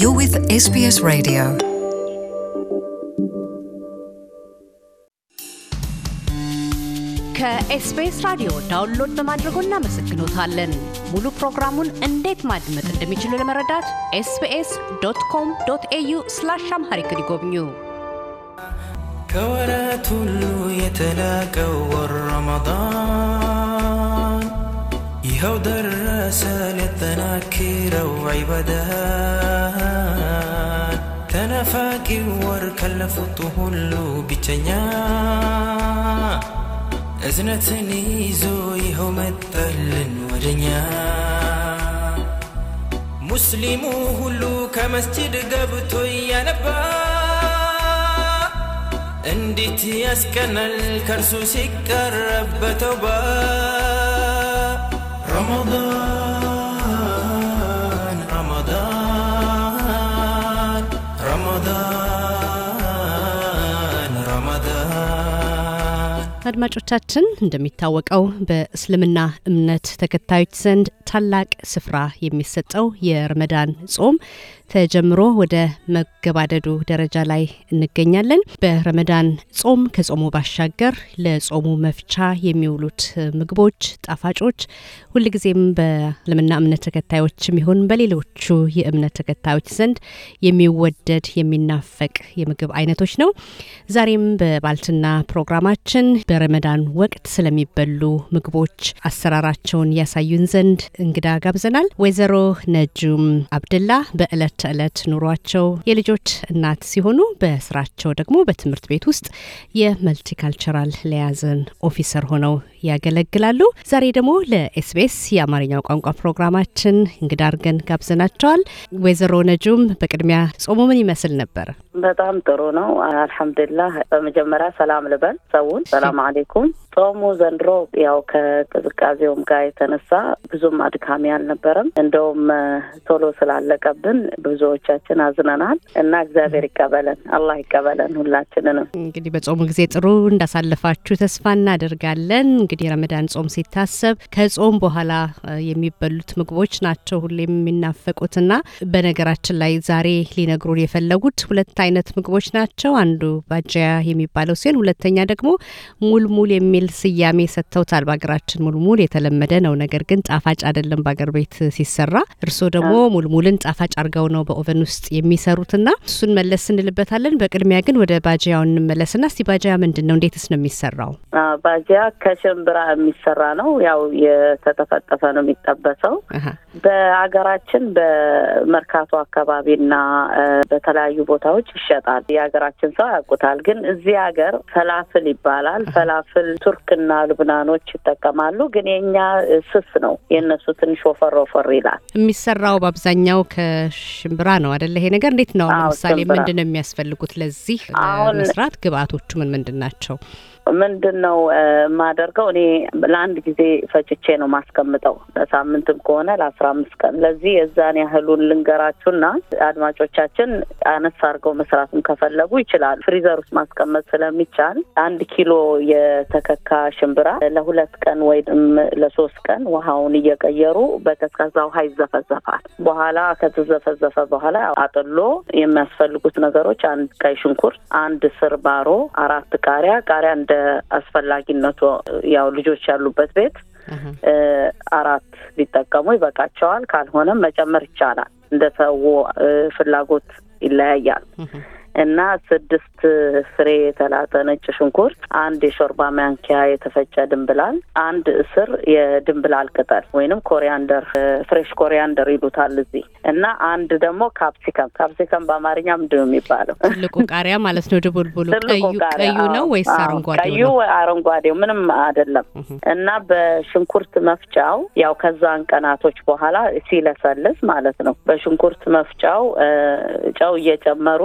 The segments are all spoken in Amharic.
You're with SBS Radio. ከኤስቢኤስ ራዲዮ ዳውንሎድ በማድረጎ እናመሰግኖታለን። ሙሉ ፕሮግራሙን እንዴት ማድመጥ እንደሚችሉ ለመረዳት ኤስቢኤስ ዶት ኮም ዶት ኤዩ ስላሽ አምሃሪክ ይጎብኙ። ከወራት ሁሉ የተላቀው ወር ረመዳን ይኸው ደረሰ ሊያጠናክረው ዒባዳ ነፋቂ ወር ካለፉት ሁሉ ብቸኛ እዝነትን ይዞ ይኸው መጣልን ወደኛ። ሙስሊሙ ሁሉ ከመስጅድ ገብቶ እያነባ እንዴት ያስቀናል ከእርሱ ሲቀረብ በተውባ ረመዳን አድማጮቻችን እንደሚታወቀው በእስልምና እምነት ተከታዮች ዘንድ ታላቅ ስፍራ የሚሰጠው የረመዳን ጾም ተጀምሮ ወደ መገባደዱ ደረጃ ላይ እንገኛለን። በረመዳን ጾም ከጾሙ ባሻገር ለጾሙ መፍቻ የሚውሉት ምግቦች፣ ጣፋጮች ሁልጊዜም በእስልምና እምነት ተከታዮችም ይሁን በሌሎቹ የእምነት ተከታዮች ዘንድ የሚወደድ የሚናፈቅ የምግብ አይነቶች ነው። ዛሬም በባልትና ፕሮግራማችን በረመዳን ወቅት ስለሚበሉ ምግቦች አሰራራቸውን ያሳዩን ዘንድ እንግዳ ጋብዘናል። ወይዘሮ ነጁም አብድላ በዕለት ተዕለት ኑሯቸው የልጆች እናት ሲሆኑ በስራቸው ደግሞ በትምህርት ቤት ውስጥ የመልቲካልቸራል ሊያዘን ኦፊሰር ሆነው ያገለግላሉ። ዛሬ ደግሞ ለኤስቢኤስ የአማርኛው ቋንቋ ፕሮግራማችን እንግዳ አድርገን ጋብዘናቸዋል። ወይዘሮ ነጁም በቅድሚያ ጾሙ ምን ይመስል ነበር? በጣም ጥሩ ነው። አልሐምዱላህ። በመጀመሪያ ሰላም ልበል ሰውን። ሰላም አሌይኩም ጾሙ ዘንድሮ ያው ከቅዝቃዜውም ጋር የተነሳ ብዙም አድካሚ አልነበረም። እንደውም ቶሎ ስላለቀብን ብዙዎቻችን አዝነናል እና እግዚአብሔር ይቀበለን፣ አላህ ይቀበለን ሁላችንንም። እንግዲህ በጾሙ ጊዜ ጥሩ እንዳሳለፋችሁ ተስፋ እናደርጋለን። እንግዲህ ረመዳን ጾም ሲታሰብ ከጾም በኋላ የሚበሉት ምግቦች ናቸው ሁሌም የሚናፈቁትና በነገራችን ላይ ዛሬ ሊነግሩን የፈለጉት ሁለት አይነት ምግቦች ናቸው። አንዱ ባጃያ የሚባለው ሲሆን ሁለተኛ ደግሞ ሙልሙል የሚል የሚል ስያሜ ሰጥተውታል። በሀገራችን ሙልሙል የተለመደ ነው፣ ነገር ግን ጣፋጭ አይደለም በሀገር ቤት ሲሰራ። እርስዎ ደግሞ ሙልሙልን ጣፋጭ አድርገው ነው በኦቨን ውስጥ የሚሰሩትና እሱን መለስ እንልበታለን። በቅድሚያ ግን ወደ ባጃያው እንመለስና እስቲ ባጃያ ምንድን ነው? እንዴትስ ነው የሚሰራው? ባጃያ ከሽምብራ የሚሰራ ነው። ያው የተጠፈጠፈ ነው የሚጠበሰው። በሀገራችን በመርካቶ አካባቢና በተለያዩ ቦታዎች ይሸጣል። የሀገራችን ሰው ያውቁታል። ግን እዚህ ሀገር ፈላፍል ይባላል። ፈላፍል ቱር ቱርክና ልብናኖች ይጠቀማሉ። ግን የእኛ ስስ ነው፣ የእነሱ ትንሽ ወፈር ወፈር ይላል። የሚሰራው በአብዛኛው ከሽምብራ ነው አደለ? ይሄ ነገር እንዴት ነው? ለምሳሌ ምንድን ነው የሚያስፈልጉት ለዚህ መስራት? ግብአቶቹ ምን ምንድን ናቸው? ምንድን ነው የማደርገው? እኔ ለአንድ ጊዜ ፈጭቼ ነው ማስቀምጠው። ለሳምንትም ከሆነ ለአስራ አምስት ቀን። ለዚህ የዛን ያህሉን ልንገራችሁና አድማጮቻችን አነስ አድርገው መስራትም ከፈለጉ ይችላሉ። ፍሪዘር ውስጥ ማስቀመጥ ስለሚቻል አንድ ኪሎ የተከካ ሽምብራ ለሁለት ቀን ወይም ለሶስት ቀን ውሃውን እየቀየሩ በቀዝቃዛ ውሃ ይዘፈዘፋል። በኋላ ከተዘፈዘፈ በኋላ አጥሎ የሚያስፈልጉት ነገሮች አንድ ቀይ ሽንኩርት፣ አንድ ስር ባሮ፣ አራት ቃሪያ ቃሪያ እንደ አስፈላጊነቱ ያው ልጆች ያሉበት ቤት አራት ቢጠቀሙ ይበቃቸዋል። ካልሆነም መጨመር ይቻላል። እንደ ሰው ፍላጎት ይለያያል። እና ስድስት ፍሬ የተላጠ ነጭ ሽንኩርት፣ አንድ የሾርባ ማንኪያ የተፈጨ ድንብላል፣ አንድ እስር የድንብላል ቅጠል ወይንም ኮሪያንደር ፍሬሽ ኮሪያንደር ይሉታል እዚህ እና አንድ ደግሞ ካፕሲከም ካፕሲከም በአማርኛ ምንድን ነው የሚባለው? ትልቁ ቃሪያ ማለት ነው። ድቡልቡሉ ቀዩ ቀዩ ነው ወይስ አረንጓዴ? ቀዩ አረንጓዴው ምንም አይደለም። እና በሽንኩርት መፍጫው ያው ከዛን ቀናቶች በኋላ ሲለሰልስ ማለት ነው በሽንኩርት መፍጫው ጨው እየጨመሩ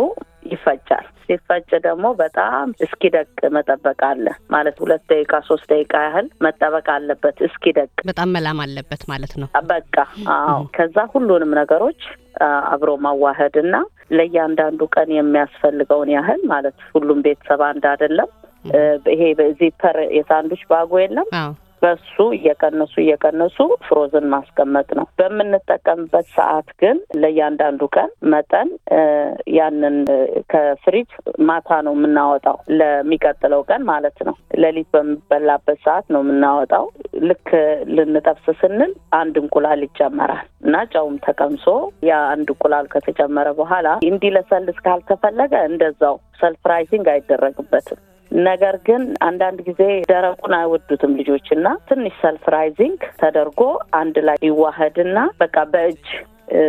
ይፈጫል። ሲፈጭ ደግሞ በጣም እስኪደቅ መጠበቅ አለ ማለት ሁለት ደቂቃ ሶስት ደቂቃ ያህል መጠበቅ አለበት። እስኪደቅ በጣም መላም አለበት ማለት ነው። በቃ አዎ። ከዛ ሁሉንም ነገሮች አብሮ ማዋህድ እና ለእያንዳንዱ ቀን የሚያስፈልገውን ያህል ማለት ሁሉም ቤተሰብ አንድ አይደለም። ይሄ በዚህ ፐር የሳንዱች ባጎ የለም በሱ እየቀነሱ እየቀነሱ ፍሮዝን ማስቀመጥ ነው። በምንጠቀምበት ሰዓት ግን ለእያንዳንዱ ቀን መጠን ያንን ከፍሪጅ ማታ ነው የምናወጣው፣ ለሚቀጥለው ቀን ማለት ነው። ሌሊት በሚበላበት ሰዓት ነው የምናወጣው። ልክ ልንጠብስ ስንል አንድ እንቁላል ይጨመራል እና ጨውም ተቀምሶ ያ አንድ እንቁላል ከተጨመረ በኋላ እንዲለሰልስ ካልተፈለገ እንደዛው ሰልፍ አይደረግበትም። ነገር ግን አንዳንድ ጊዜ ደረቁን አይወዱትም ልጆች እና ትንሽ ሰልፍራይዚንግ ተደርጎ አንድ ላይ ይዋሀድና በቃ በእጅ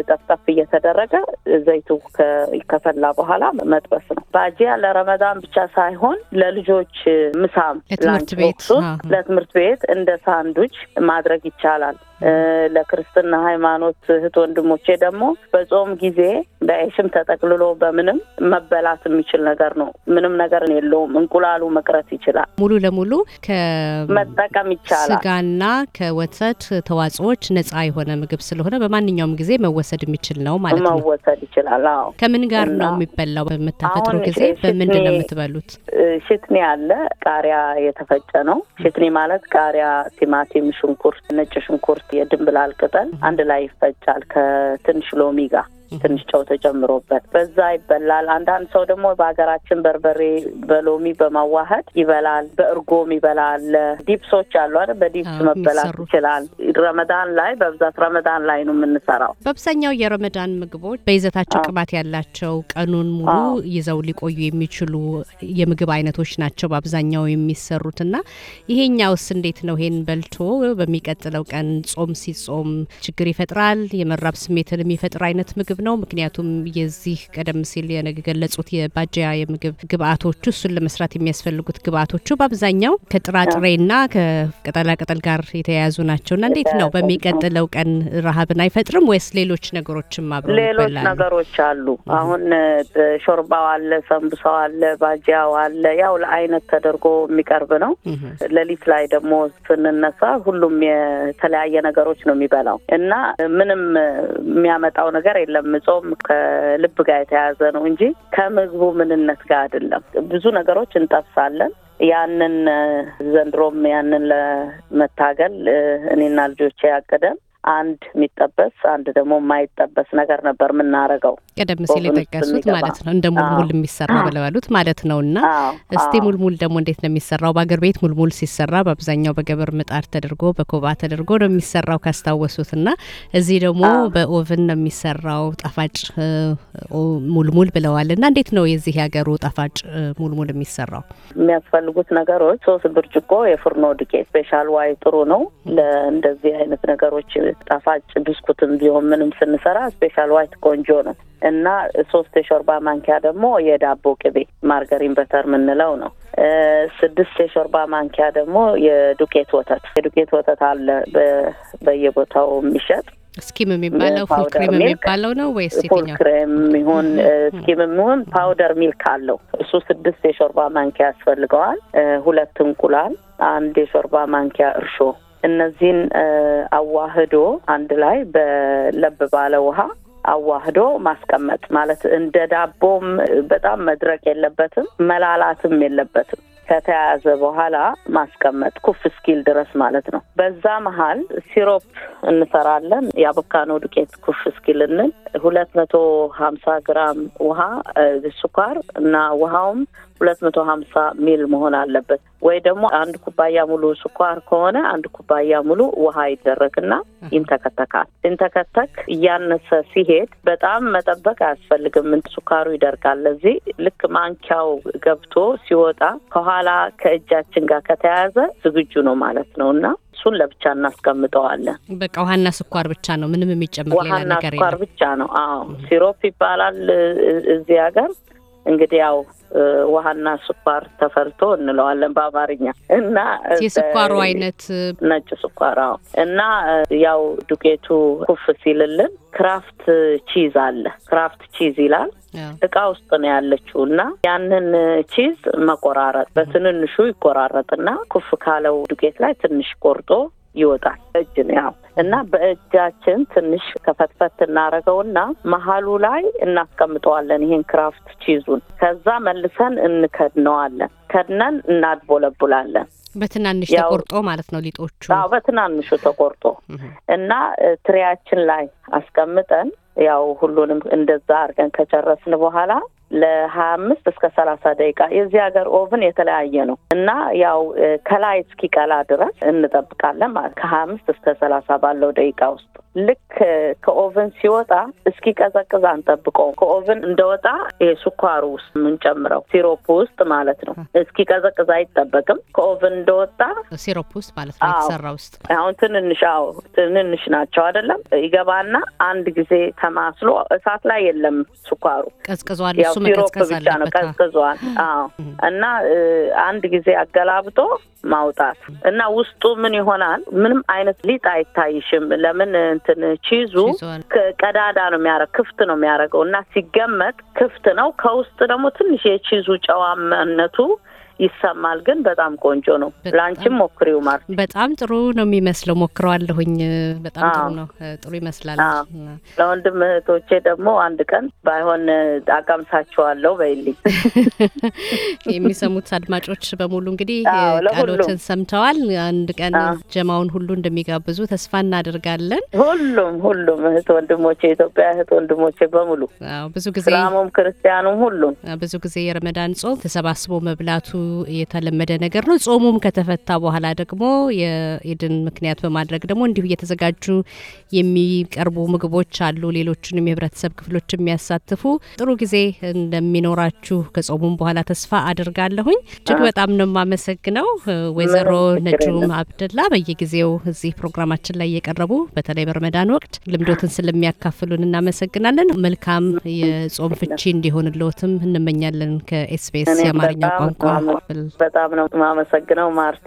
ጠፍጠፍ እየተደረገ ዘይቱ ከፈላ በኋላ መጥበስ ነው። ባጂያ ለረመዳን ብቻ ሳይሆን ለልጆች ምሳም ለትምህርት ቤት ለትምህርት ቤት እንደ ሳንዱች ማድረግ ይቻላል። ለክርስትና ሃይማኖት እህት ወንድሞቼ ደግሞ በጾም ጊዜ በአይስም ተጠቅልሎ በምንም መበላት የሚችል ነገር ነው። ምንም ነገር የለውም። እንቁላሉ መቅረት ይችላል። ሙሉ ለሙሉ ከመጠቀም ይቻላል። ስጋና ከወተት ተዋጽኦዎች ነጻ የሆነ ምግብ ስለሆነ በማንኛውም ጊዜ መወሰድ የሚችል ነው ማለት ነው። መወሰድ ይችላል። አዎ። ከምን ጋር ነው የሚበላው? በምታፈጥሩ ጊዜ በምንድን ነው የምትበሉት? ሽትኒ አለ። ቃሪያ የተፈጨ ነው። ሽትኒ ማለት ቃሪያ፣ ቲማቲም፣ ሽንኩርት፣ ነጭ ሽንኩርት የድንብላል ቅጠል አንድ ላይ ይፈጫል ከትንሽ ሎሚ ጋር ትንሽ ጨው ተጨምሮበት በዛ ይበላል። አንዳንድ ሰው ደግሞ በሀገራችን በርበሬ በሎሚ በማዋሀድ ይበላል። በእርጎም ይበላል። ዲፕሶች አሉ አይደል? በዲፕስ መበላት ይችላል። ረመዳን ላይ በብዛት ረመዳን ላይ ነው የምንሰራው። በአብዛኛው የረመዳን ምግቦች በይዘታቸው ቅባት ያላቸው ቀኑን ሙሉ ይዘው ሊቆዩ የሚችሉ የምግብ አይነቶች ናቸው በአብዛኛው የሚሰሩትና ይሄኛውስ እንዴት ነው? ይሄን በልቶ በሚቀጥለው ቀን ጾም ሲጾም ችግር ይፈጥራል? የመራብ ስሜትንም የሚፈጥር አይነት ምግብ ነው። ምክንያቱም የዚህ ቀደም ሲል የገለጹት የባጃያ የምግብ ግብአቶቹ እሱን ለመስራት የሚያስፈልጉት ግብአቶቹ በአብዛኛው ከጥራጥሬና ከቅጠላቅጠል ጋር የተያያዙ እና እንዴት ነው በሚቀጥለው ቀን ረሀብን አይፈጥርም ወይስ ሌሎች ነገሮችም አብረው ሌሎች ነገሮች አሉ? አሁን ሾርባው አለ፣ ሰንብሳው አለ፣ ባጃያው አለ። ያው ለአይነት ተደርጎ የሚቀርብ ነው። ሌሊት ላይ ደግሞ ስንነሳ ሁሉም የተለያየ ነገሮች ነው የሚበላው እና ምንም የሚያመጣው ነገር የለም ጾም ከልብ ጋር የተያያዘ ነው እንጂ ከምግቡ ምንነት ጋር አይደለም። ብዙ ነገሮች እንጠብሳለን። ያንን ዘንድሮም ያንን ለመታገል እኔና ልጆቼ ያቅደን አንድ የሚጠበስ አንድ ደግሞ የማይጠበስ ነገር ነበር የምናረገው። ቀደም ሲል የጠቀሱት ማለት ነው እንደ ሙልሙል የሚሰራ ያሉት ማለት ነው። እና እስቲ ሙልሙል ደግሞ እንዴት ነው የሚሰራው? በአገር ቤት ሙልሙል ሲሰራ በአብዛኛው በገበር ምጣድ ተደርጎ በኮባ ተደርጎ ነው የሚሰራው ካስታወሱት። እና እዚህ ደግሞ በኦቭን ነው የሚሰራው ጣፋጭ ሙልሙል ብለዋል። እና እንዴት ነው የዚህ ሀገሩ ጣፋጭ ሙልሙል የሚሰራው? የሚያስፈልጉት ነገሮች ሶስት ብርጭቆ የፍርኖ ዱቄት ስፔሻል ዋይ ጥሩ ነው ለእንደዚህ አይነት ነገሮች ጣፋጭ ብስኩትም ቢሆን ምንም ስንሰራ ስፔሻል ዋይት ቆንጆ ነው እና ሶስት የሾርባ ማንኪያ ደግሞ የዳቦ ቅቤ ማርገሪን በተር የምንለው ነው። ስድስት የሾርባ ማንኪያ ደግሞ የዱቄት ወተት የዱቄት ወተት አለ በየቦታው የሚሸጥ ስኪም የሚባለው ፉል የሚባለው ነው ወይስ ፉል ይሁን ስኪም የሚሆን ፓውደር ሚልክ አለው። እሱ ስድስት የሾርባ ማንኪያ ያስፈልገዋል። ሁለት እንቁላል፣ አንድ የሾርባ ማንኪያ እርሾ እነዚህን አዋህዶ አንድ ላይ በለብ ባለ ውሃ አዋህዶ ማስቀመጥ ማለት እንደ ዳቦም በጣም መድረቅ የለበትም፣ መላላትም የለበትም። ከተያያዘ በኋላ ማስቀመጥ ኩፍ እስኪል ድረስ ማለት ነው። በዛ መሀል ሲሮፕ እንሰራለን። የአቮካዶ ዱቄት ኩፍ እስኪል እንል ሁለት መቶ ሀምሳ ግራም ውሃ ስኳር እና ውሃውም ሁለት መቶ ሀምሳ ሚል መሆን አለበት ወይ ደግሞ አንድ ኩባያ ሙሉ ስኳር ከሆነ አንድ ኩባያ ሙሉ ውሃ ይደረግና ይንተከተካል። ሲንተከተክ እያነሰ ሲሄድ በጣም መጠበቅ አያስፈልግም፣ ስኳሩ ይደርጋል። ለዚህ ልክ ማንኪያው ገብቶ ሲወጣ ከኋላ ከእጃችን ጋር ከተያያዘ ዝግጁ ነው ማለት ነው እና እሱን ለብቻ እናስቀምጠዋለን። በቃ ውሀና ስኳር ብቻ ነው፣ ምንም የሚጨምር ሌላ ነገር ውሀና ስኳር ብቻ ነው። አዎ ሲሮፕ ይባላል እዚህ ሀገር እንግዲህ ያው ውሃና ስኳር ተፈልቶ እንለዋለን በአማርኛ እና የስኳሩ አይነት ነጭ ስኳር እና ያው ዱቄቱ ኩፍ ሲልልን ክራፍት ቺዝ አለ። ክራፍት ቺዝ ይላል እቃ ውስጥ ነው ያለችው እና ያንን ቺዝ መቆራረጥ በትንንሹ ይቆራረጥና ኩፍ ካለው ዱቄት ላይ ትንሽ ቆርጦ ይወጣል። እጅ ነው ያው እና በእጃችን ትንሽ ከፈትፈት እናደርገውና መሀሉ ላይ እናስቀምጠዋለን። ይሄን ክራፍት ቺዙን ከዛ መልሰን እንከድነዋለን። ከድነን እናድቦለቡላለን። በትናንሽ ተቆርጦ ማለት ነው ሊጦቹ። አዎ በትናንሹ ተቆርጦ እና ትሪያችን ላይ አስቀምጠን ያው ሁሉንም እንደዛ አድርገን ከጨረስን በኋላ ለሀያ አምስት እስከ ሰላሳ ደቂቃ የዚህ ሀገር ኦቭን የተለያየ ነው እና ያው ከላይ እስኪቀላ ድረስ እንጠብቃለን ማለት ከሀያ አምስት እስከ ሰላሳ ባለው ደቂቃ ውስጥ ልክ ከኦቨን ሲወጣ እስኪ እስኪቀዘቅዝ አንጠብቀው። ከኦቨን እንደወጣ የስኳሩ ውስጥ የምንጨምረው ሲሮፕ ውስጥ ማለት ነው። እስኪ ቀዘቅዝ አይጠበቅም። ከኦቨን እንደወጣ ሲሮፕ ውስጥ ማለት ነው የተሰራ ውስጥ አሁን ትንንሽ አዎ ትንንሽ ናቸው አይደለም። ይገባና አንድ ጊዜ ተማስሎ እሳት ላይ የለም ስኳሩ ቀዝቅዟል። ሲሮፕ ብቻ ነው ቀዝቅዟል። አዎ እና አንድ ጊዜ አገላብጦ ማውጣት እና ውስጡ ምን ይሆናል? ምንም አይነት ሊጥ አይታይሽም። ለምን እንትን ቺዙ ቀዳዳ ነው የሚያረ ክፍት ነው የሚያደርገው እና ሲገመጥ ክፍት ነው። ከውስጥ ደግሞ ትንሽ የቺዙ ጨዋመነቱ ይሰማል። ግን በጣም ቆንጆ ነው። ላንችም ሞክሪው ማር። በጣም ጥሩ ነው የሚመስለው። ሞክረዋለሁኝ። በጣም ጥሩ ነው። ጥሩ ይመስላል። ለወንድም እህቶቼ ደግሞ አንድ ቀን ባይሆን አቀምሳቸዋለሁ በይልኝ። የሚሰሙት አድማጮች በሙሉ እንግዲህ ቃሎትን ሰምተዋል። አንድ ቀን ጀማውን ሁሉ እንደሚጋብዙ ተስፋ እናደርጋለን። ሁሉም ሁሉም እህት ወንድሞቼ፣ የኢትዮጵያ እህት ወንድሞቼ በሙሉ ብዙ ጊዜ ክርስቲያኑም ሁሉም ብዙ ጊዜ የረመዳን ጾም ተሰባስቦ መብላቱ የተለመደ ነገር ነው። ጾሙም ከተፈታ በኋላ ደግሞ የኢድን ምክንያት በማድረግ ደግሞ እንዲሁ እየተዘጋጁ የሚቀርቡ ምግቦች አሉ። ሌሎችንም የህብረተሰብ ክፍሎች የሚያሳትፉ ጥሩ ጊዜ እንደሚኖራችሁ ከጾሙም በኋላ ተስፋ አድርጋለሁኝ። እጅግ በጣም ነው የማመሰግነው ወይዘሮ ነጁም አብደላ በየጊዜው እዚህ ፕሮግራማችን ላይ የቀረቡ በተለይ በረመዳን ወቅት ልምዶትን ስለሚያካፍሉን እናመሰግናለን። መልካም የጾም ፍቺ እንዲሆንልዎትም እንመኛለን። ከኤስቢኤስ የአማርኛ ቋንቋ በጣም ነው ማመሰግነው ማርቲ።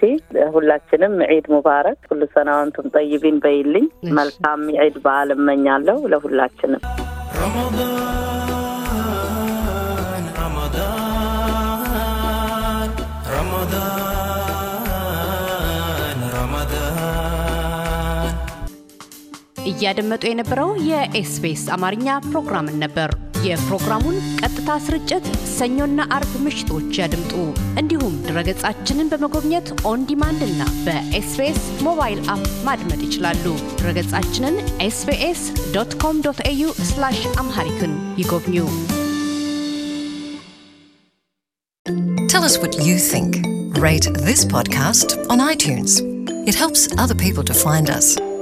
ሁላችንም ዒድ ሙባረክ፣ ሁሉ ሰናውንቱም ጠይቢን በይልኝ። መልካም ዒድ በዓል እመኛለሁ ለሁላችንም። እያደመጡ የነበረው የኤስቢኤስ አማርኛ ፕሮግራምን ነበር። የፕሮግራሙን ቀጥታ ስርጭት ሰኞና አርብ ምሽቶች ያድምጡ። እንዲሁም ድረገጻችንን በመጎብኘት ኦን ዲማንድ እና በኤስቤስ ሞባይል አፕ ማድመጥ ይችላሉ። ድረገጻችንን ኤስቤስ ዶት ኮም ዶት ኤዩ አምሃሪክን ይጎብኙ። Tell us what you think. Rate this podcast on iTunes. It helps other people to find us.